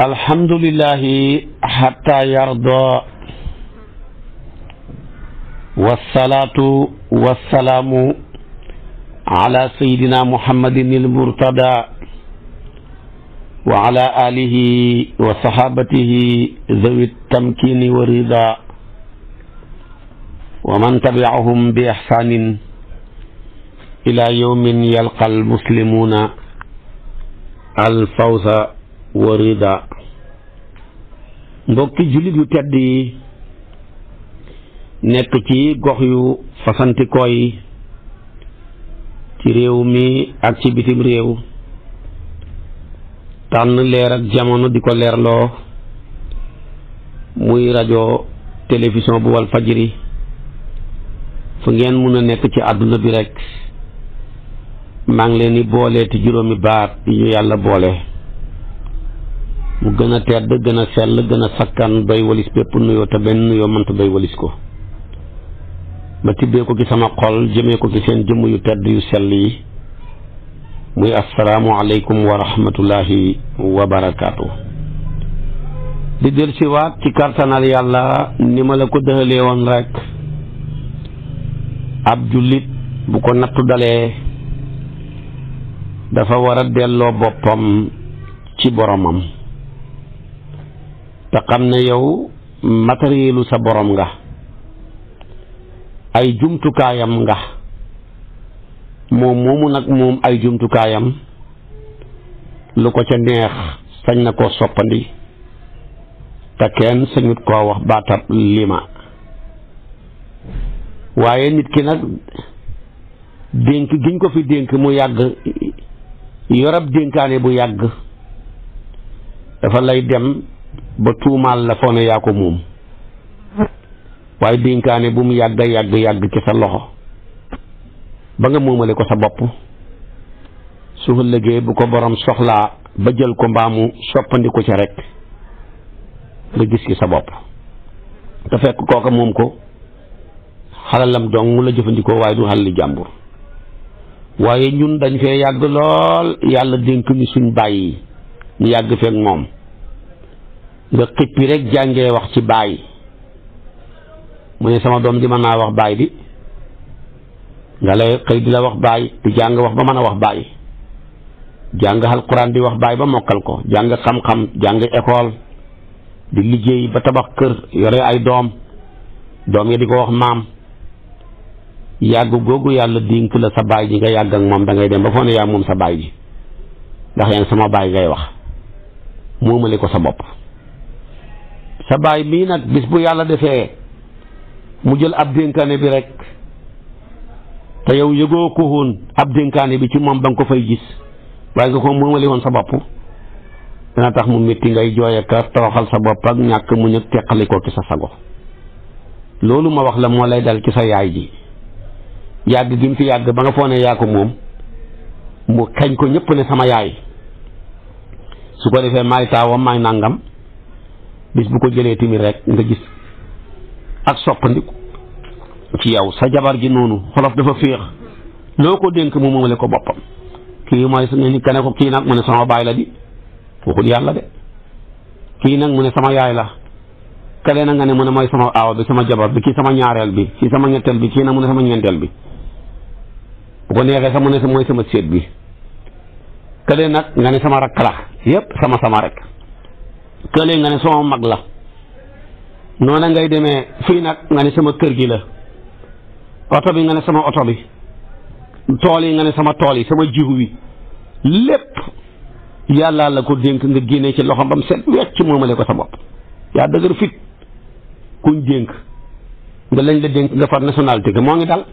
alhamdulillahi hatta yarda wassalaatu wassalaamu ala sayidina muhammadin ilmurtada wa ala alihi wa sahabatihi zawi tamkini wa rida wa man tabiahum bi ihsanin ila yawmin yalqa almuslimuna alfawza wa rida mbokki jullit yu tedd yi nekk ci gox yu fasantikoo yi ci réew mi ak ci bitim réew tànn leer ak jamono di ko leerloo muy rajo télévision bu wal fu ngeen mun a nekk ci àdduna bi rekk maa ngi leen di boole te juróomi baat yu yàlla boole mu gën a tedd gën a sell gën a sakkan bay walis bépp nuyoo te benn nuyoo mënta bay walis ko ma tibbee ko ci sama xol jëmee ko ci seen jëmm yu tedd yu sell yi muy asalaamualeykum wa rahmatullahi wa barakaatu. di del siwaat ci kartanal yàlla ni ma la ko dëxalee woon rek ab jullit bu ko nattu dalee dafa war a delloo boppam ci boromam te xam ne yow matérielu sa boroom nga ay jumtukaayam nga moom moomu nag moom ay jumtukaayam lu ko ca neex sañ na koo soppandi te kenn sañut koo wax baatab lima waaye nit ki nag dénk giñ ko fi dénk mu yàgg yorab dénkaane bu yàgg dafa lay dem ba tuumaal la foo ne yaa ko moom waaye dénkaane bu mu yàgg yàgg yàgg ci sa loxo ba nga moomale ko sa bopp su ëllëgee bu ko boroom soxlaa ba jël ko mbaamu soppandiku ci rek nga gis ci sa bopp te fekk kooka moom ko xalalam dong la jëfandikoo waaye du xalali jàmbur waaye ñun dañ fee yàgg lool yàlla dénk ñu suñ bàyyi ñu yàgg feek moom nga xippi rek jàngee wax ci baay mu ne sama doom di mën naa wax baay bi nga lay xëy di la wax baay di jàng wax ba mën a wax baay jàng alquran di wax baay ba mokkal ko jàng xam-xam jàng école di liggéey ba tabax kër yore ay doom doom ya di ko wax maam yàgg googu yàlla dink la sa baay ji nga yàgg moom dangay dem ba foo ne yaa moom sa baay ji ndax yaa sama baay ngay wax moomale ko sa bopp sa baay mii nag bis bu yàlla defee mu jël ab dénkaane bi rek te yow yëgoo ko woon ab dénkaane bi ci moom da nga ko fay gis waaye nga ko moomale woon sa bopp dana tax mu métti ngay jooy sa bopp ak ñàkk mu ñëg teqali ko sa sago loolu wax la moo lay dal ci sa yaay ji yàgg gi mu yàgg ba ne yaa ko moom mu kañ ko ñépp ne sama yaay su ko defee maay taawam maay nàngam bis bu ko jëlee tamit rek nga gis ak soppandiku ci yow sa jabar ji noonu xolof dafa féex loo ko dénk mu moomale ko boppam kii mooy su ne nit ka ko kii nag mu ne sama baay la di yàlla kii nag mu ne sama yaay la kale na nga ne mu ne mooy sama aaw bi sama jabar bi kii sama ñaareel bi kii sama ñetteel bi kii nag mu ne sama ñeenteel bi bu ko neexee sax mu ne mooy sama séet bi kale nag nga ne sama rakk la yépp sama sama rek kële nga ne sama mag la noona ngay demee fii nag nga ne sama kër gi la oto bi nga ne sama oto bi tool yi nga ne sama tool yi sama jiw wi lépp yàlla la ko dénk nga génnee ci loxo bam set wecc moomale ko sa bopp yaa dëgër fit kuñ dénk nga lañ la dénk nga far nationalité moo ngi dal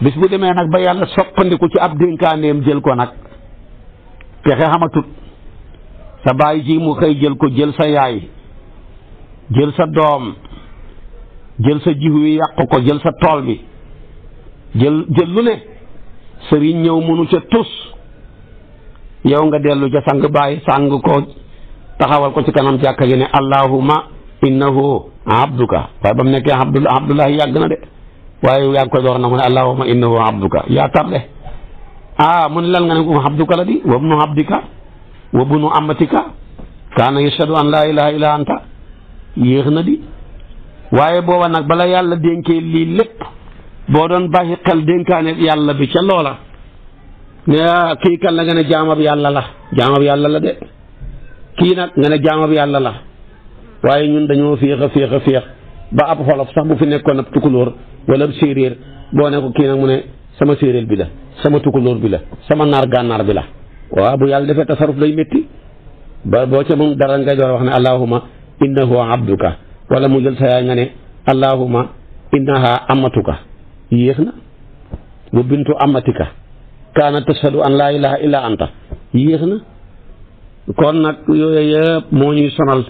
bis bu demee nag ba yàlla soppandiku ci ab dénkaaneem jël ko nag pexe xamatut sa baay ji mu xëy jël ko jël sa yaay jël sa doom jël sa jiw wi yàq ko jël sa tool bi jël jël lu ne sëriñ ñëw mënu ca tus yow nga dellu ca sang baay sang ko taxawal ko ci kanam jàkka ji ne allahuma innahu abduka waaye ba mu nekkee abdul abdullahi yàgg na de waaye yaa ngi koy door na mu ne allahuma innahu abduka yaa tarde ah mu ne lan nga ne ko abduka la di wabnu abdika wa bunu amatika kaana yashhadu an laa yéex na di waaye booba nag bala yàlla dénkee lii lépp boo doon bàyyi xel dénkaane yàlla bi ca loola ne ah, kii kan la nga ne jaamab yàlla la jaamab yàlla la de kii nag nga ne jaamab yàlla la waaye ñun dañoo féex a féex a féex ba ab xolof sax bu fi nekkoon ab tukulóor wala séeréer boo ne ko kii nag mu ne sama séeréer bi la sama tukulóor bi la sama naar gànnaar bi la waaw bu yàlla defee tasaruf day métti ba boo ca moom dara ngay door wax ne allahuma innahu abduka wala mu jël sa yaay nga ne allahuma innaha yéex na wa bintu amatika kaana tashhadu an laa ilaha illa anta yéex na kon nag yooyu yëpp moo ñuy sonal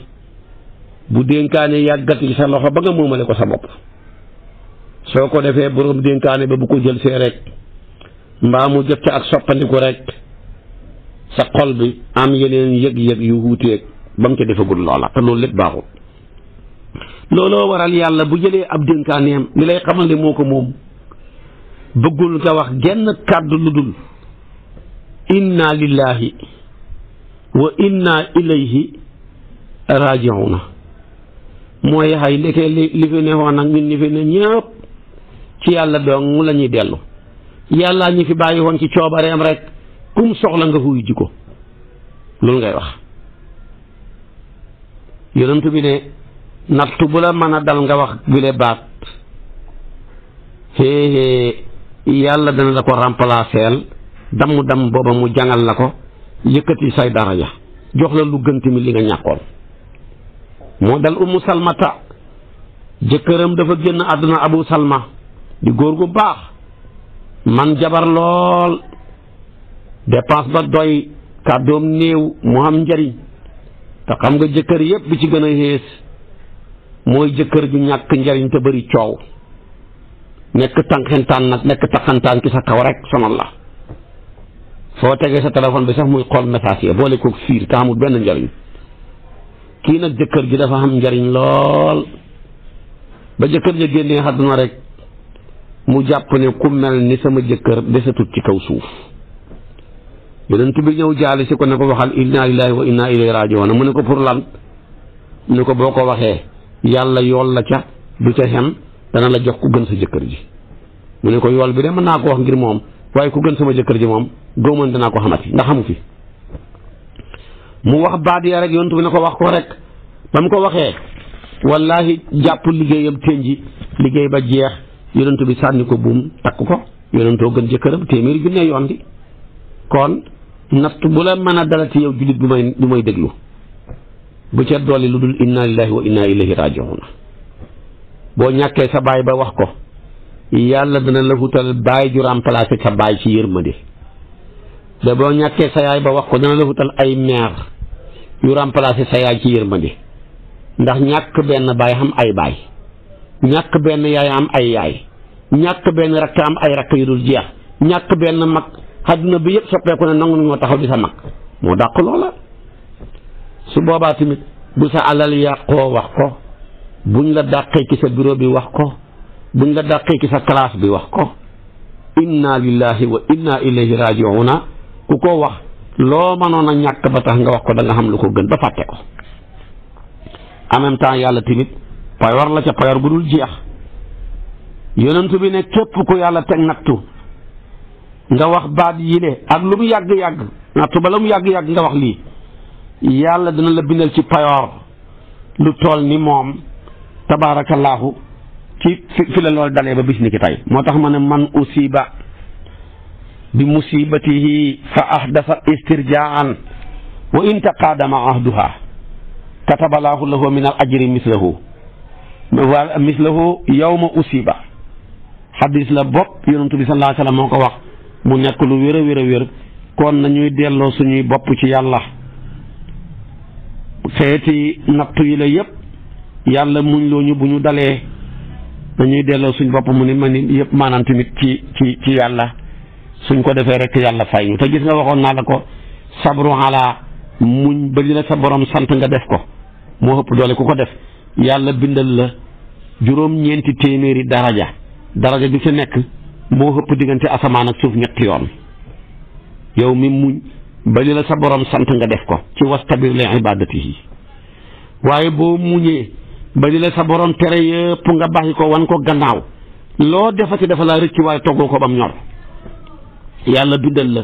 bu dénkaane yàggat yi sa loxo ba nga moomale ko sa bopp soo ko defee borom dénkaane ba bu ko jël rek mbaa mu jëf ca ak soppandiku rek sa xol bi am yeneen yëg-yëg yu wuuteeg ba mu ca defagul loola te loolu lépp baaxul looloo waral yàlla bu jëlee ab dénkaaneem li lay xamal ne moo ko moom bëggul nga wax genn kàddu lu dul inna lillahi wa inna ilayhi rajiuna mooy xay ndeke li li fi neexoon nag ñun ñi fi ne ñëpp ci yàlla dong la ñuy dellu yàllaa ñi fi bàyyi woon ci coobareem rek kum soxla nga fuy ji ko loolu ngay wax yonent bi ne nattu bu la mën a dal nga wax bi le baat xéexée yàlla dana la ko remplacer damm damm booba mu jangal la ko yëkkati say dara ja jox la lu gën tamit li nga ñàkkoon moo dal umu salmata jëkkëram dafa génn àdduna abu salma di góor gu baax man jabar lool dépense ba doy kàddoom néew mu am njariñ te xam nga jëkkër yépp bi ci gën a xées mooy jëkkër ju ñàkk njariñ te bari coow nekk tànqintaan nag nekk taqantaan ki sa kaw rek sonal la foo tegee sa téléphone bi sax muy xool message yi boole koog fiir te amul benn njariñ kii nag jëkkër ji dafa am njariñ lool ba jëkkër ja génnee àdduna rek mu jàpp ne ku mel ni sama jëkkër desatut ci kaw suuf yonent bi ñëw jaali si ko ne ko waxal inna lillahi wa inna ilayhi na mu ne ko pour lan mu ne ko boo ko waxee yàlla yool la ca du ca xem dana la jox ku gën sa jëkkër ji mu ne ko yool bi de mën naa ko wax ngir moom waaye ku gën sama jëkkër ji moom góomoon danaa ko xamati ndax xamu fi mu wax baat ya rek yonent bi ne ko wax ko rek ba mu ko waxee wallahi jàpp liggéeyam ténji liggéey ba jeex yonent bi sànni ko buum takk ko yonentoo gën jëkkëram téeméer junne yoon di natt bu la mën a dalati yow jullit bu may bu may déglu bu ca dolli lu dul inna lillahi wa inna ilayhi rajiun boo ñàkkee sa baay ba wax ko yàlla dana la wutal baay ju remplacé sa baay ci yërmande da boo ñàkkee sa yaay ba wax ko dana la wutal ay mère yu remplacé sa yaay ci yërmande ndax ñàkk benn baay xam ay baay ñàkk benn yaay am ay yaay ñàkk benn rakk am ay rakk yu dul jeex ñàkk benn mag xadduna bi yëpp soppeeku ne nangu ñoo taxaw di sa mag moo dàq loola su boobaa tamit bu sa alal yàqoo wax ko buñ la dàqee ci sa bureau bi wax ko buñ la dàqee ci sa classe bi wax ko inna lillahi wa inna ilayhi rajiuna ku ko wax loo mënoon a ñàkk ba tax nga wax ko danga nga xam lu ko gën ba fàtte ko en même temps yàlla tamit payoor la ca payoor bu dul jeex yonentu bi ne képp ku yàlla teg nattu nga wax baat yile ak lu mu yàgg-yàgg nattu la mu yàgg-yàgg nga wax lii yàlla dana la bindal ci payoor lu tool ni moom tabaarakallaahu ci fi la loolu dalee ba bis ni ki moo tax ma ne man usiba bi musibatihi fa ahdasa istirjaan wa in taqaadama ahduha katabalaahu lahu min al ajri mislahu wa mislahu yowma usiba xadis la bopp yonentu bi sallallahu alayhi wa sallam moo ko wax mu nekk lu wér a wér a wér kon nañuy delloo suñuy bopp ci yàlla xeeti nattu yi la yépp yàlla muñ loo bu ñu dalee nañuy delloo suñu bopp mu ni ma ni yépp maanaam tamit ci ci ci yàlla suñ ko defee rekk yàlla fay ñu te gis nga waxoon naa la ko sabru ala muñ ba li la sa borom sant nga def ko moo ëpp doole ku ko def yàlla bindal la juróom-ñeenti téeméeri daraja daraja bi fi nekk moo xëpp diggante asamaan ak suuf ñetti yoon yow mi muñ ba li la sa borom sant nga def ko ci was wastabir li ibadatihi waaye boo muñee ba li la sa boroom tere yëpp nga bàyyi ko wan ko gannaaw loo defati dafa laa rëcc waaye toggoo ko ba mu ñor yàlla bindal la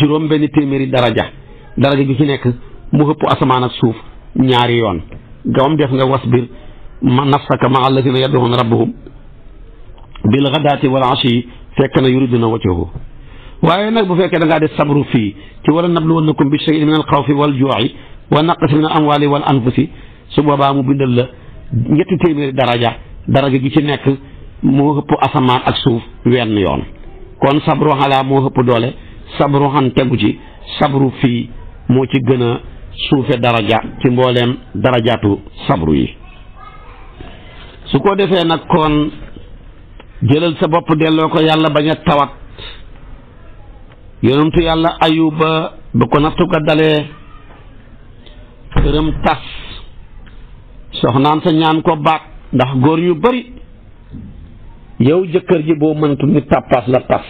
juróom benn téeméeri daraja daraja gi ci nekk mu xëpp asamaan ak suuf ñaari yoon gawam def nga wasbir ma nafsaka ma alladina yad'una rabbahum bil ghadaati wal ashi fekk na yuriduna wajhahu waaye nag bu fekkee da ngaa def sabru fii ci wala nabluwannakum bi shay'in min al xawfi wal juu'i wa naqsin min al amwali wal anfusi su boobaa mu bindal la ñetti téeméeri daraja daraja gi ci nekk moo ëpp asamaan ak suuf wenn yoon kon sabru xalaa moo ëpp doole sabru xan tegu ci sabru fii moo ci gën a suufe daraja ci mbooleem darajaatu sabru yi su ko defee nag kon jëlal sa bopp delloo ko yàlla bañ a tawat yonentu yàlla ayuba bu ko nattu ko dalee këram tas soxnaan sa ñaan ko baat ndax góor yu bari yow jëkkër ji boo mënatul ni tàppaas la tas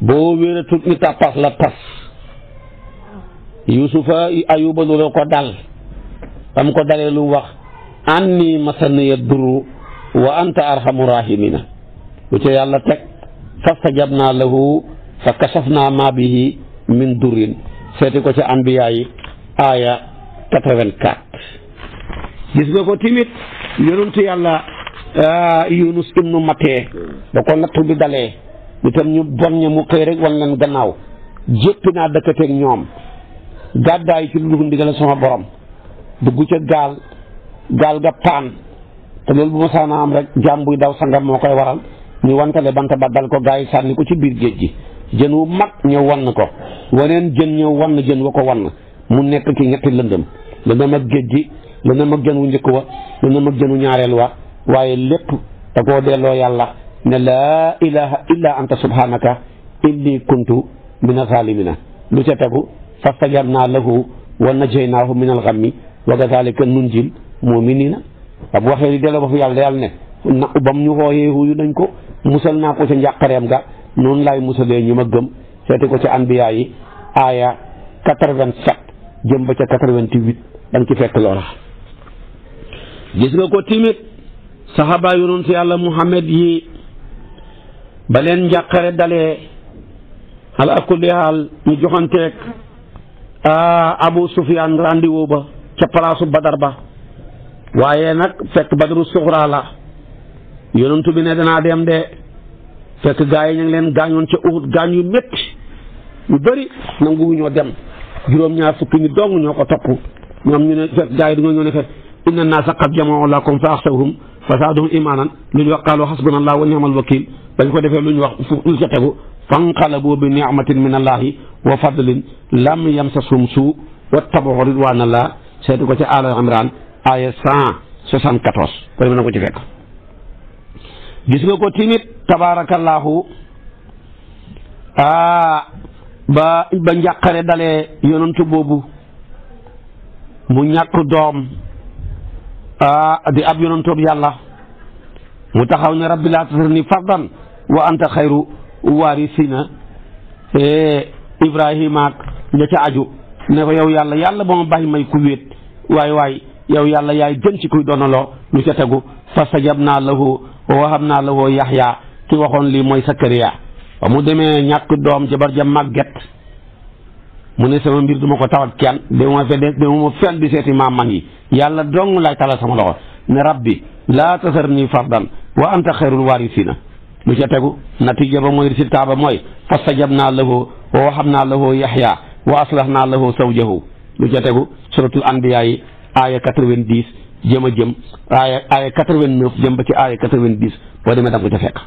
boo wéeratul ni tàppaas la tas yusufa ayuba lu la ko dal dam ko dalee lu wax anni masaniya duru wa anta arhamu rahimina lu ca yàlla teg fastajabnaa lahu fa kasafnaa maa bihi min durin seeti ko ca anbiya aaya gis nga ko timit yonentu yàlla yunus ibnu matee da ko nattu bi dalee itam ñu bon ña mu xëy rek wan leen gannaaw jéppi dëkkateeg ñoom gàddaay ci lu ndigal sama borom dugg ca gaal gaal ga te loolu bu masaana am rek jàmm buy daw sangam moo koy waral ñu wantale bant ba dal ko gaa yi sànni ko ci biir géej gi jën wu mag ñëw wann ko nen jën ñëw wann jën wa ko wann mu nekk ci ñetti lëndëm lëndëm ak géej gi lëndëm ak jën wu njëkk wa lëndëm ak jën wu ñaareel wa waaye lépp da koo delloo yàlla ne laa ilaha illa anta subhanaka inni kuntu min azalimina lu ca tegu fastajabnaa lahu wa najaynaahu min alxammi wa kadalika nunjil muminina ba bu waxee li delloo ba fu yàlla yàlla ne na bam ñu xooyee xuyu nañ ko musal naa ko ca njàqareem ga noonu laay musalee ñi ma gëm seeti ko ca anbiya yi aaya quatre-vingt-sept jëm ba ca quatre-vingt-huit da ci fekk loola gis nga ko timit saxaaba yonent yàlla Muhammad yi ba leen njàqare dalee ala kulli haal ñu joxanteeg Abu Sufyaan randiwoo ba ca palaasu Badar ba waaye nag fekk badru suxraa la yonentu bi ne danaa dem de fekk gaa yi ñu ngi leen gaañoon ca Uhud gaañ yu métti yu bëri nanguwu ñoo dem juróom-ñaar fukki ñu dong ñoo ko topp ñoom ñu ne fekk gaa yi dañoo ñëw ne fekk inna naasa qad jama'u lakum fa axsawhum fa zaadahum imaanan lu ñu wax qaalu hasbunallahu wa ni'mal wakiil bañ ko defee lu ñu wax lu ca tegu fanqalabu bi ni'matin min allahi wa fadlin lam yamsashum suu wattaba'u ridwaanallah seeti ko ca Aala Imraan aaya cent soixante quatorze kon mën ci fekk gis nga ko timit tabaarakallaahu aa ah, ba ba njàqare dalee yonantu boobu mu ñàkk doom ah, di ab yonantoob yàlla mu taxaw ne rabbi laa tasarni fardan wa anta xayru waarisina eh, ibrahima ak ña ca aju ne ko yàlla yàlla ba ma bàyyi may ku wéet waay waay yow yàlla yaay gën ci kuy doonaloo lu ca tegu fa sajab naa lahu wa wahab naa lahu yaxya ki waxoon lii mooy sakariya mu demee ñàkk doom jabar ja màgget mu ne sama mbir duma ko tawat kenn demuma yàlla dong laay talal sama loxo laa tasarni wa anta xayrul waarisina lu ca mooy résultat ba naa lahu wa waxam naa aslah naa lahu sawjahu lu ca tegu suratul anbiya aaya quatre vingt jëm a jëm aaya aaya quatre-vingt-neuf jëm ba ci aaya quatre vingt boo demee dam nga ko ca fekk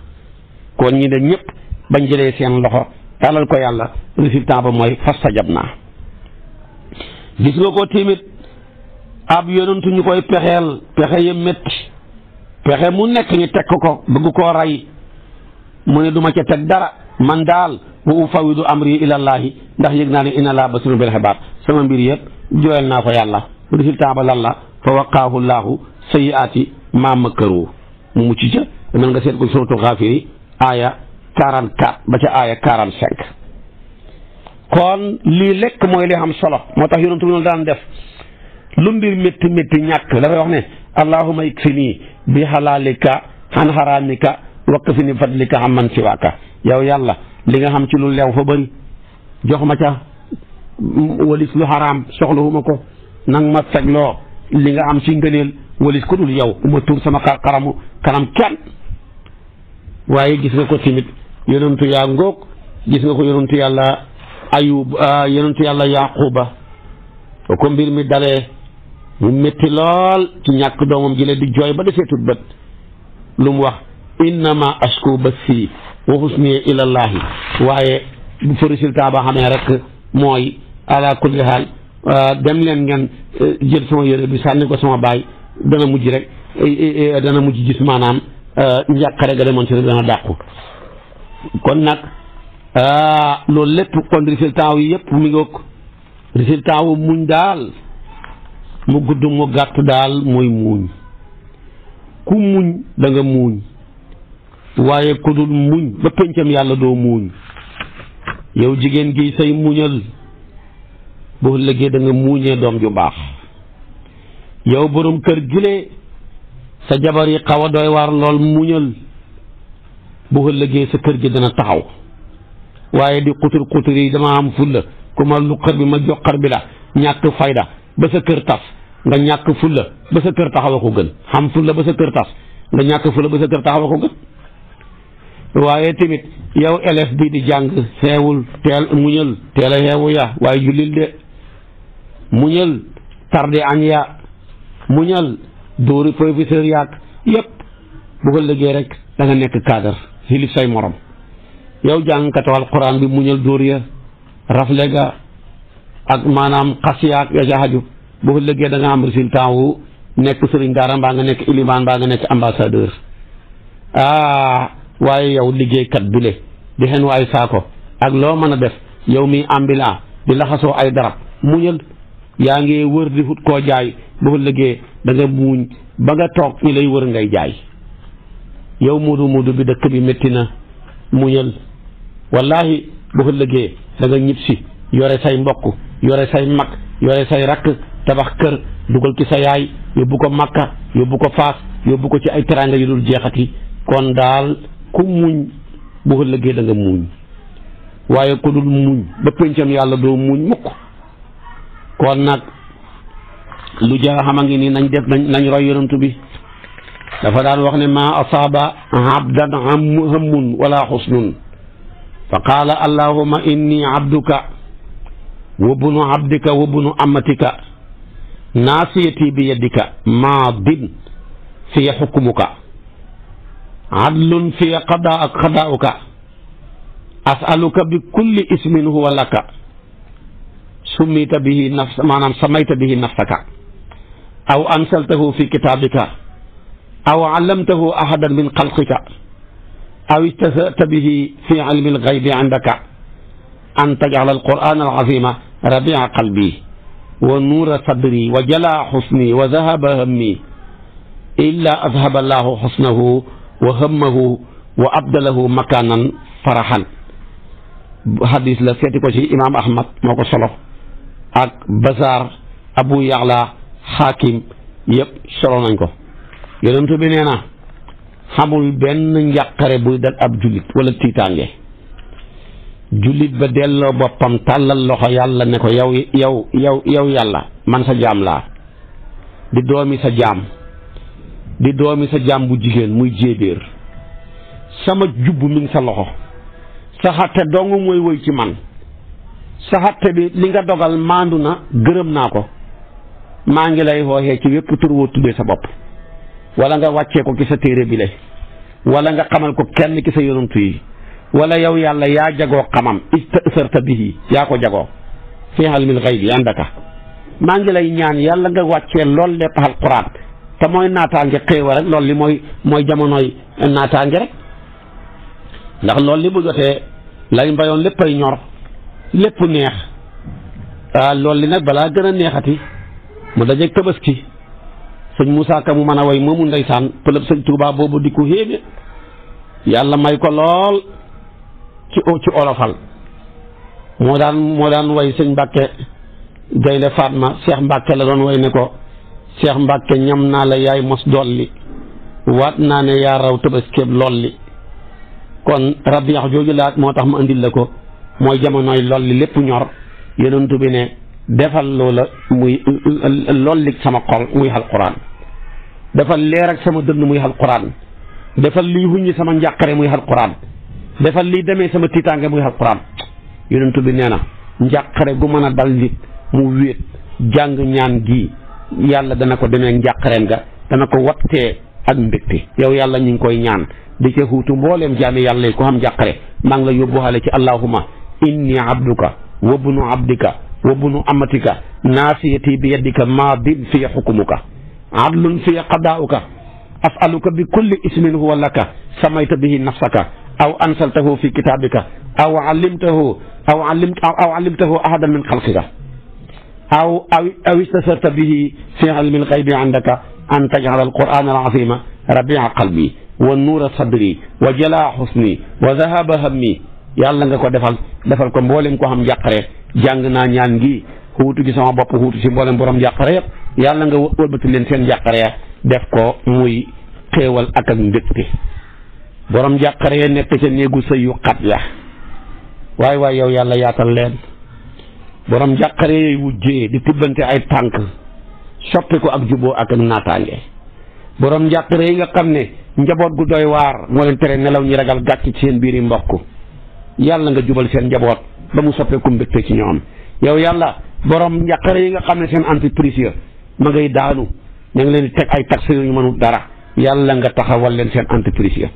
kon ñi ne ñëpp bañ jëlee seen loxo tàllal ko yàlla résultat ba mooy fastajab naa gis nga ko timit ab yonentu ñu koy pexeel pexe ya métti pexe mu nekk ñu teg ko bëgg koo rey mu ne duma ca teg dara man daal wa ufawidu amri ilallaahi ndax yëg naa ne inna laa basirun bil xibaar sama mbir yëpp jooyal naa ko yàlla résultat ba lan la fa waqaahu laahu sayyi'aati maa makkaru mu mucc ca mën nga seet ko suratu Xaafiri aaya 44 ba ca aaya 45. kon lii lekk mooy li am solo moo tax yonent bi daan def lu mbir métti métti ñàkk dafay wax ne allahumma ikfinii bi halaalika an haraamika wakfini bi fadlika amman siwaaka yow yàlla li nga xam ci lu lew fa bëri jox ma ca walis lu xaraam soxlawuma ko. nang ma sagloo li nga am ci ngëneel walis ko dul yow uma tuur sama xaramu kanam kenn waaye gis nga ko timit yonentu yaa ngóog gis nga ko yonentu yàlla ayub ah, yonentu yàlla yaquba ko mbir mi dalee mu métti lool ci ñàkk doomam ji la di jooy ba defee tut bët lu mu wax innama ashku bassi wa husni ilallahi waaye bu fa résultat ba xamee mooy ala kulli haal Euh, dem leen ngeen euh, jël sama yére bi sànni ko sama baay dana mujj rek euh, dana mujj gis maanaam njàqare ga demoon ci rek dàqu kon nag loolu lépp kon résultat yi yëpp mi ngi résultat wu muñ daal mu gudd mu gàtt daal mooy muuñ ku muñ da nga waaye ku dul muñ ba pencam yàlla doo muuñ yow jigéen gi say muñal boo lëggee da nga muuñee doom ju baax yow borom kër gilee sa jabar yi xaw a doy waar lool muñal boo lëggee sa kër gi dana taxaw waaye di xutur xutur yi dama am fulla ku ma lu xar bi ma jox xar bi la ñàkk fayda ba sa kër tas nga ñàkk fulla ba sa kër taxaw a ko gën xam fulla ba sa kër tas nga ñàkk fulla ba sa kër taxaw a ko gën waaye tamit yow élève bi di jàng xeewul teel muñal teel a xeewu waaye jullil de muñal tardi añ ya muñal dóori professeur yaag yépp bu ko liggéey rek da nga nekk cadre xilif say morom yow jàngkatu alquran bi muñal dóor ya rafle ga ak maanaam xas yaag ya ca xaju bu ko liggéey da nga am résultat wu nekk sëriñ daara mbaa nga nekk ilimaan mbaa nga nekk ambassadeur ah waaye yow liggéeykat bu le di xen waay saako ak loo mën a def yow mi ambulant di laxasoo ay darab muñal yaa ngi wër di xut koo jaay bu ëllëgee danga nga muuñ ba nga toog ñi lay wër ngay jaay yow muudu muudu bi dëkk bi métti na muñal wallaahi bu ëllëgee da nga yore say mbokk yore say mag yore say rakk tabax kër dugal ci sa yaay yóbbu ko Makka yóbbu ko Faas yóbbu ko ci ay teraanga yu dul jeexati kon daal ku muñ bu ëllëgee da muuñ waaye ku dul muñ ba pencam yàlla doo muñ mukk kon nag lu jar a xam a ngi nii nañ def nañ roy yonantu bi dafa daan wax ne ma asaaba abdan hammun wala xusnun fa qaala allahuma inni abduka wa bunu abdika wa bunu amatika naasiyati bi yadika maadin fiya xukmuka adlun fiya qadaa'uka as'aluka bi kulli ismin huwa laka summita bihi nafs maanaam samayta bihi nafsaka aw ansaltahu fi kitaabika aw allamtahu ahadan min xalqika aw istasata bihi fi ilmi alxaybi indaka an tajala alquran alazima rabia qalbi wa nuura sadri wa jala xusni wa dahaba hammi illa adhaba allahu xusnahu wa hammahu wa abdalahu makaanan faraxan hadis la seeti ko ci imaam Ahmad moo ko solo ak basaar abu yaxla xaakim yëpp solo nañ ko yonent bi nee na xamul benn njàqare buy dal ab jullit wala tiitaange jullit ba delloo boppam tàllal loxo yàlla ne ko yow yow yow yàlla man sa jaam laa di doomi sa jaam di doomi sa jaam bu jigéen muy jéebéer sama jubb mi sa loxo sa xatte dong mooy woy ci man sa xatte bi li nga dogal maandu na gërëm naa ko maa ngi lay wooxee ci wépp tur woo sa bopp wala nga wàccee ko ci sa téere bi lay wala nga xamal ko kenn ci sa yonantu yi wala yow yàlla yaa jagoo xamam istasarta bihi yaa ko jagoo fi ilmil ghaybi indaka maa ngi lay ñaan yàlla nga wàccee lool lépp alquran te mooy naataange xéewa rek loolu li mooy mooy jamonoy naataange rek ndax loolu li bu jotee lay mbayoon léppay ñor lépp neex ah loolu li nag balaa gën a neexati mu dajeeg tabaski sëñ Moussa Ka mu mën a way moomu ndeysaan pëlëb sëñ Touba boobu di ko héeme yàlla may ko lool ci ci olofal moo daan moo daan way sëñ Mbàkke Gaynde ma Cheikh Mbàkke la doon way ne ko Cheikh Mbàkke ñam naa la yaay mos dolli waat naa ne yaa raw tabaskeeb lool li kon rabbi yax jooju laat moo tax ma indil la ko mooy jamonoy lolli lépp ñor yonent tubi ne defal loola muy lollik sama xol muy alquran defal leer ak sama dënn muy alquran defal liy huññi sama njàqare muy alquran defal lii demee sama tiitaange muy alquran yonent bi nee na njàqare gu mën a dal nit mu wéet jàng ñaan gi yàlla dana ko demee njàqareem ga dana ko wattee ak mbégte yow yàlla ñu ngi koy ñaan di ca xuutu mbooleem jaami yàlla yi ko xam njàqare maa ngi la yóbbuwaale ci allahuma inni abduka wa bunu abdika wa bunu amatika naasiyati bi yadika maadin fi xukmuka adlun fi qadaauka asaluka bi kulli ismin huwa laka samayta bihi nafsaka aw ansaltahu fi kitaabika aw allimtahu aw allim aw allimtahu ahadan min xalqika aw aw aw istasarta bihi fi ilmi alxaybi indaka an tajala alquran alazima rabia qalbi wa nuura sadri wa jalaa xusni wa zahaba hammi yàlla nga ko defal defal ko mboolem ko xam njàqare jàng naa ñaan gi xuutu ci sama bopp xuutu ci mboolem borom njàqare yëpp yàlla nga wëlbati leen seen njàqare def ko muy xéewal ak ak mbégte borom njàqare nekk ca néegu sëy yu xat ya waaye waaye yow yàlla yaatal leen borom njàqare yooyu wujjee di tibbante ay tànk soppi ko ak juboo ak ak naataange borom njàqare yi nga xam ne njaboot gu doy waar moo leen tere nelaw ñi ragal gàcc ci seen biiri mbokk yàlla nga jubal seen njaboot ba mu soppeeku mbégte ci ñoom yow yàlla borom njàqare yi nga xam ne seen entreprise ya ma ngay daanu ña leen di teg ay taxes yu ñu mënul dara yàlla nga taxawal leen seen entreprise yi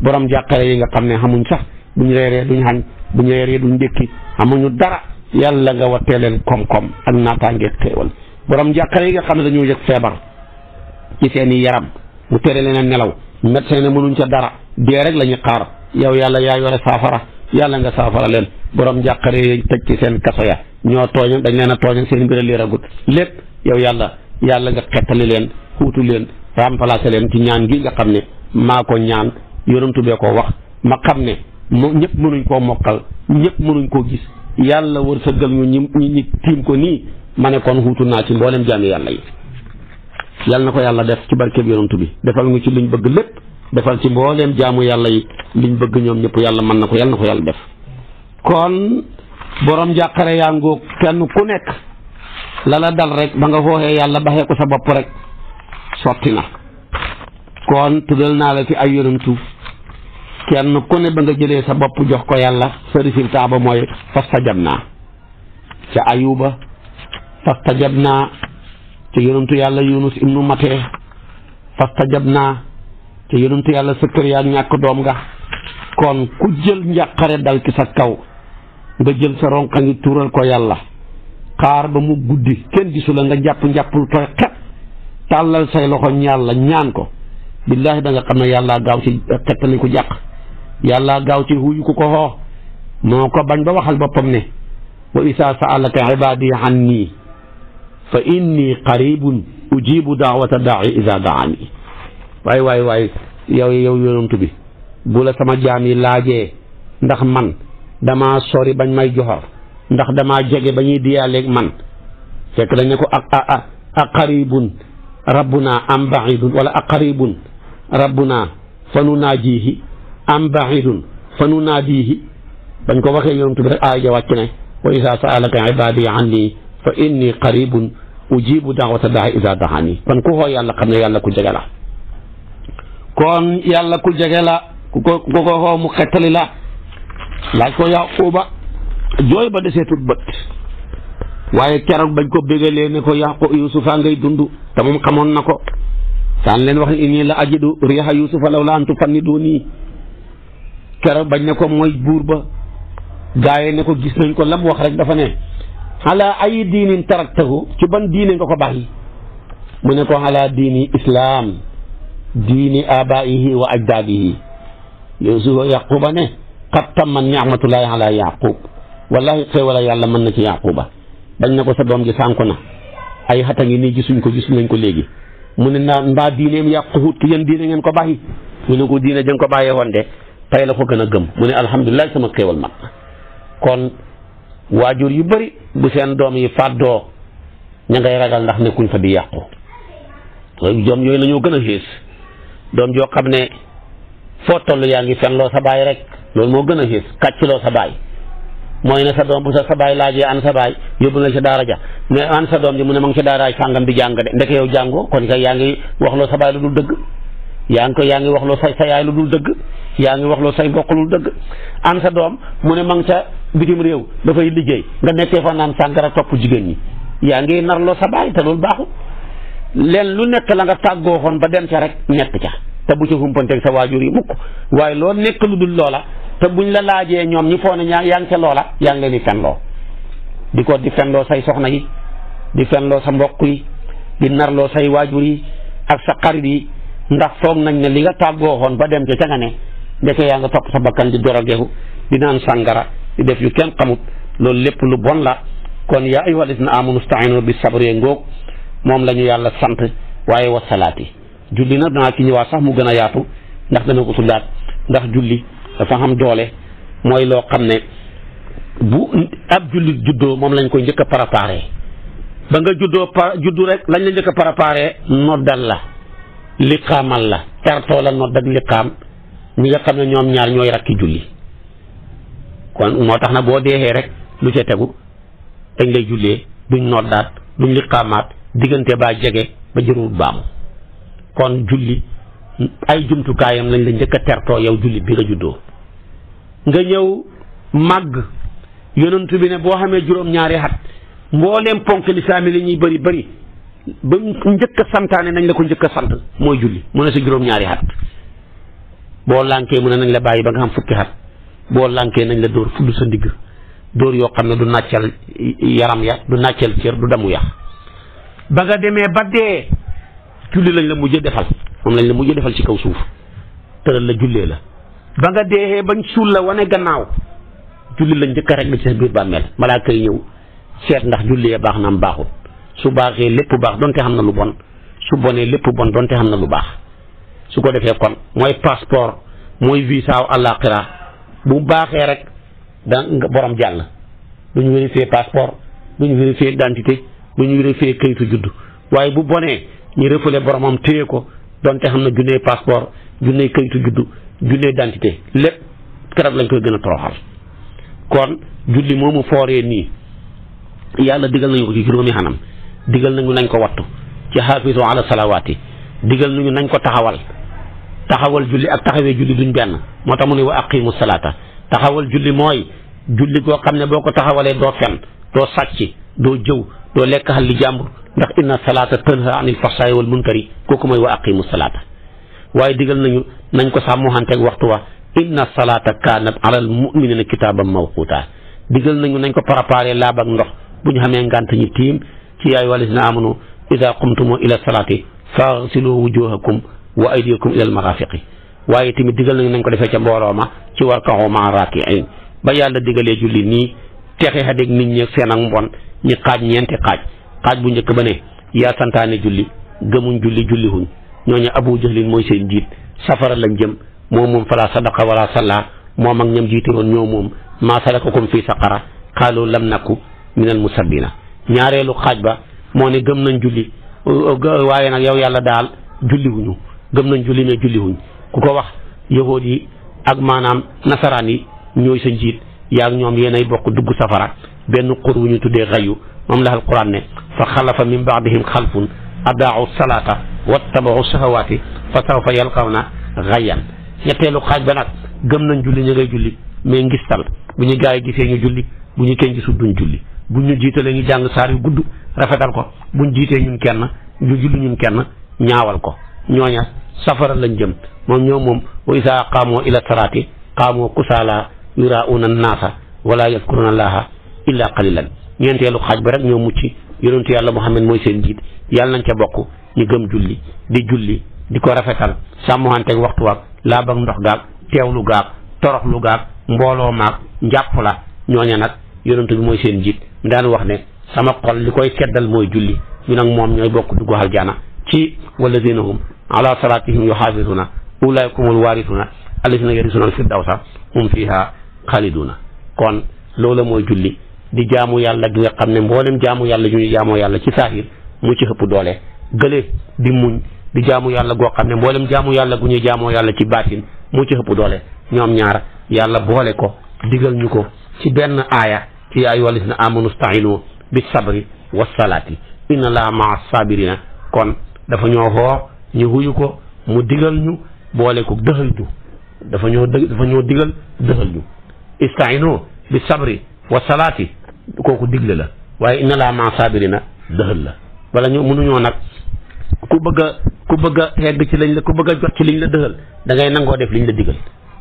boroom njàqare yi nga xam ne xamuñ sax bu ñu reeree duñ xañ bu ñu reeree duñ ndékki xamuñu dara yàlla nga wattee leen koom-koom ak naataangeeg xéewal borom boroom yi nga xam ne dañoo yëg feebar ci seen i yaram mu tere leen a nelaw médecin ne mënuñ dara dee rek xaar yow yàlla yaa saafara yàlla nga saafara leen borom njàqare yi tëj ci seen kaso ya ñoo tooñ dañ leen a tooñ seen mbir a leeragut lépp yow yàlla yàlla nga xettali leen xuutu leen remplacé leen ci ñaan gi nga xam ne maa ko ñaan yonantu bee koo wax ma xam ne mu ñëpp mënuñ koo mokkal ñëpp mënuñ koo gis yàlla wër sëggal ñu ñi ñi tiim ko nii ma ne kon xuutu naa ci mboolem jaami yàlla yi yàlla na ko yàlla def ci barkeb yonantu bi defal ñu ci luñ bëgg lépp defal ci mbooleem jaamu yàlla yi liñ bëgg ñoom ñëpp yàlla mën na ko yàlla na ko yàlla def kon borom njàqare yaa ngoog kenn ku nekk la la dal rek ba nga xooxee yàlla baxee ko sa bopp rek sotti na kon tuddal naa la fi ay yonantu kenn ku ne ba nga jëlee sa bopp jox ko yàlla sa résultat ba mooy fastajab naa ca ayuba fastajab naa ca yonantu yàlla yunus ibnu matee fastajab naa te yonentu yàlla Sakariyaa ñàkk doom nga kon ku jël njàqare dal ci sa kaw nga jël sa ronka ngi tuural ko yàlla xaar ba mu guddi kenn gisu nga jàpp njàppul tooy xet tàllal say loxo yàlla ñaan ko billaahi danga nga xam ne yàllaa gaaw ci xettali ku jàq yàllaa gaaw ci huyu ko xoo moo ko bañ ba waxal boppam ne wa isaa saalaka ibaadi annii fa inni qaribun ujibu daawata daai idaa daani waay waay waay yow yow yonantu bi bu la sama jaam yi laajee ndax man damaa sori bañ may joxor ndax damaa jege ba ñuy diyaaleeg man fekk dañ ne ko ak a aqaribun rabbuna am baidun wala aqaribun rabbuna fanu naajihi am baidun fanu naadihi bañ ko waxee yonantu bi rek aaya ja wàcc ne wa isa saalaka ibadi anni fa inni qaribun ujibu daawata daa isa daxani kon ku xoo yàlla xam ne yàlla ku jege la kon yàlla ku jege la ku ko ku ko mu xettali la laaj ko ba jooy ba deseetut bët waaye keroog bañ ko bégalee ne ko yaqu yusufa ngay dund te moom xamoon na ko daan leen wax ne inni la ajidu riixa yusufa law la antu fanni doo nii keroog bañ ne ko mooy buur ba gaaye ne ko gis nañ ko lam wax rek dafa ne ala ay diinin taraktahu ci ban diine nga ko bàyyi mu ne ko ala diini islaam diini abaihi wa ajdaadihi yusufa yaquba ne man qad tamma laay ala yaqub wallahi xéewala yàlla mën na ci yaquba bañ na ko sa doom ji sànku na ay xata ngi nii gisuñ ko gis nañ ko léegi mu ne naa mbaa diineem yàquwut ki yéen diine ngeen ko bàyyi mu ne ko diine jën ko bàyyee woon de tey la ko gën a gëm mu ne alhamdulilah sama xéewal mat kon waajur yu bari bu seen doom yi doo ña ngay ragal ndax nekkuñ fa bi yàqu doom yooyu la ñoo gën a doom joo xam ne foo toll yaa ngi loo sa baay rek loolu moo gën a xiis kàccloo sa baay mooy ne sa doom bu sa sa baay laajee an sa baay yóbbu na ci daara ja mais an sa doom ji mu ne ma ngi ci daaraay sàngam bi jàng de ndeke yow jàngoo kon kay yaa ngi waxloo sa baay lu dul dëgg yaa ngi ko yaa ngi waxloo sa sa yaay lu dul dëgg yaa ngi waxloo say mbokk lu dul dëgg an doom mu ne ma ngi ca bitim réew dafay liggéey nga nekkee fa naan sàngara topp jigéen ñi yaa ngi narloo sa baay te loolu baaxu leen lu nekk la nga tàggoo xoon ba dem ca rek nekk ca te bu ci humpanteeg sa waajur yi mukk waaye loo nekk lu dul loola te buñ la laajee ñoom ñi foog ne ñaa yaa ngi ca loola yaa ngi leen di ko di fenloo say soxna yi di fenloo sa mbokk yi di narloo say waajur yi ak sa xarit yi ndax foog nañ ne li nga tàggoo xoon ba dem ca ca nga ne ndeke yaa nga topp sa bakkan di dorogeeku di naan sàngara di def yu kenn xamut loolu lépp lu bon la kon yaa ayyuhal na amul ista'iinu bi sabaree ngoog moom lañu yàlla sant waaye wasalaati julli nag danaa ci ñëwaat sax mu gën a yaatu ndax dana ko tuddaat ndax julli dafa xam doole mooy loo xam ne bu ab jullit juddoo moom lañ koy njëkk a préparé ba nga juddoo par juddu rek lañ la njëkk a préparé noddal la liqaamal la tertoo la nodd ak liqaam ñi nga xam ne ñoom ñaar ñooy rakki julli kon moo tax na boo deexee rek lu ca tegu dañ lay jullee duñ noddaat duñ liqaamaat diggante baa jege ba jëruwul baamu kon julli ay jumtukaayam lañ la njëkk a tertoo yow julli bi nga juddoo nga ñëw màgg yonentu bi ne boo xamee juróom-ñaari at mbooleem ponk lislaam yi li ñuy bëri bëri ba njëkk nañ la ko njëkk a sant mooy julli mu ne sa at boo lànkee mu ne nañ la bàyyi ba nga xam fukki at boo lankee nañ la dóor fudd sa ndigg dóor yoo xam ne du nàccal yaram ya du nàccal cër du damu yax ba nga demee ba dee julli lañ la mujj defal moom lañ la mujj defal ci kaw suuf tëral la jullee la ba nga deexee bañ suul la wane gannaaw julli lañ njëkk rek la ci sa biir bàmmeel malaaka ñëw seet ndax jullee baax na mu baaxul su baaxee lépp baax donte xam na lu bon su bonee lépp bon donte xam na lu baax su ko defee kon mooy passeport mooy visa àllaaxira bu baaxee rek da nga borom jàll duñ vérifier passeport duñ vérifier identité bu ñu vérifié kayitu juddu waaye bu bonee ñu refoulé boromam téye ko donte xam na junnee passeport junne kayitu juddu junnee identité lépp keroog lañ koy gën a toroxal kon julli moomu fooree nii yàlla digal nañu ko ci juróomi xanam digal nañu nañ ko wattu ci xaafisu ala salawaati digal nañu nañ ko taxawal taxawal julli ak taxawee julli duñ benn moo tax mu ne wa aqimu salaata taxawal julli mooy julli koo xam ne boo ko taxawalee doo fen doo sàcc doo jëw doo lekk xal li jàmbur ndax inna salaata tanha anil fahsaa'i wal munkari ko mooy wa aqimu salaata waaye digal nañu nañ ko sàmmoxanteeg waxtu wa inna salaata kaanat alal mu'minina kitaaban mawquuta digal nañu nañ ko préparé laab ak ndox bu ñu xamee ngànt ñi tiim ci yaay walisina amanu ida qumtumu ila salaati faghsilu wujuhakum wa aydiyakum ila almarafiqi waaye tamit digal nañu nañ ko defee ca mbooloo ma ci warkaxu maa raakiin ba yàlla texe xadeeg nit ñi seen ak mbon ñi xaaj ñeenti xaaj xaaj bu njëkk ba ne yaa santaane julli gëmuñ julli julli huñ ñooñu abu jahlin mooy seen njiit safara la jëm moom moom fala sadaqa wala salla moo ak ñam jiite woon ñoo moom maa salakakum fii saqara xaaloo lam nakku minal musabbina ñaareelu xaaj ba moo ne gëm nañ julli euh, waaye nag yow yàlla daal julliwuñu gëm nañ julli ne julliwuñ ku ko wax yahood yi ak maanaam nasaraan yi ñooy sa njiit yaag ñoom yéenay bokk dugg safara benn xur wu ñu tuddee xayu moom la alquran ne fa xalafa min baadihim xalfun adaau salaata wattabau shahawaati fa sawfa yalqawna xayan ñetteelu xaaj ba nag nañ julli ñu ngay julli mais ngistal bu ñu gaa yi gisee ñu julli bu ñu kenn gisul duñ julli bu ñu jiitalee ñu jàng saar yu gudd rafetal ko bu ñu jiitee ñun kenn ñu ñun kenn ñaawal ko ñooña safara lañ jëm moom ñoom moom wa isaa qaamoo ila salaati qaamoo kusaala yuraa'uuna naasa wala yadkuruuna allaha illa qalilan ñeenteelu xaaj ba rek ñoo mucc yonentu yàlla Muhammad mooy seen njiit yàlla nañ ca bokk ñu gëm julli di julli di ko rafetal sàmmanteeg waxtu waag laa bëgg ndox gaag teewlu gaag toroxlu gaag mbooloo maag njàpp la ñoo ñooñe nag yonentu bi mooy seen njiit mu daan wax ne sama xol li koy seddal mooy julli ñu nag moom ñooy bokk dugg aljana ci walladina hum ala salaatihim yuxaafisuuna ulaayka humul waarisuuna allazina yarisuna al firdawsa hum fiha xaaliduna kon loola mooy julli di jaamu yàlla gi nga xam ne mboolem jaamu yàlla yu ñu jaamoo yàlla ci saahir mu ci ëpp doole gële di muñ di jaamu yàlla goo xam ne mboolem jaamu yàlla gu ñuy jaamoo yàlla ci baatin mu ci ëpp doole ñoom ñaar yàlla boole ko digal ñu ko ci benn aaya ci yaa ayyuhal na am sta'iinu bis sabri was salaati inna laaha ma'a saabiriina kon dafa ñoo xoo ñu wuyu ko mu digal ñu boole ko dëxal ñu dafa ñoo dafa digal dëxal ñu istaino bi sabri wa salaati kooku digle la waaye inna laa maa saabirina dëxal la wala ñu mënuñoo nag ku bëgg a ku bëgg a ci lañ la ku bëgg jot liñ la dëxal da ngay nangoo def liñ la diggal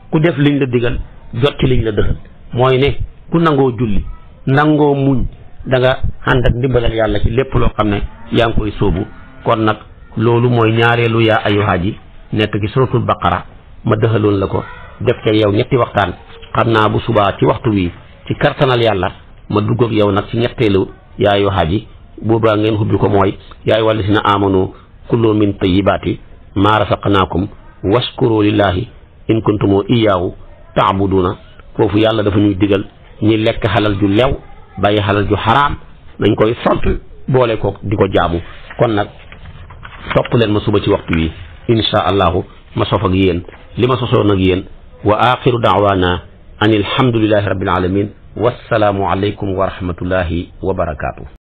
ku def liñ la digal jot ci liñ la dëxal mooy ne ku nangoo julli nangoo muñ danga nga ànd ak ndimbalal yàlla ci lépp loo xam ne yaa ngi koy sóobu kon nag loolu mooy ñaareelu yaa ayuhaa ji nekk ci suratul baqara ma dëxaloon la ko def ca yow ñetti waxtaan xam naa bu subaa ci waxtu wi ci kartanal yàlla ma dugg yow nag ci ñetteelu yaayu haji boobaa ngeen xubbi ko mooy yaay wàlli si na amanu kullu min tayibaati maa rasaqnaakum waskuru lillahi in kuntumoo iyaahu taabuduuna foofu yàlla dafa ñuy digal ñuy lekk xalal ju lew bàyyi xalal ju xaraam dañ koy sant boole ko di ko jaamu kon nag topp leen ma suba ci waxtu wi insha allahu ma sof ak yéen li ma sosoon ak yéen wa axiru daawaana an alhamdulilahi rabbil alamin wassalaamu aleykum wa rahmatullahi wa barakaatu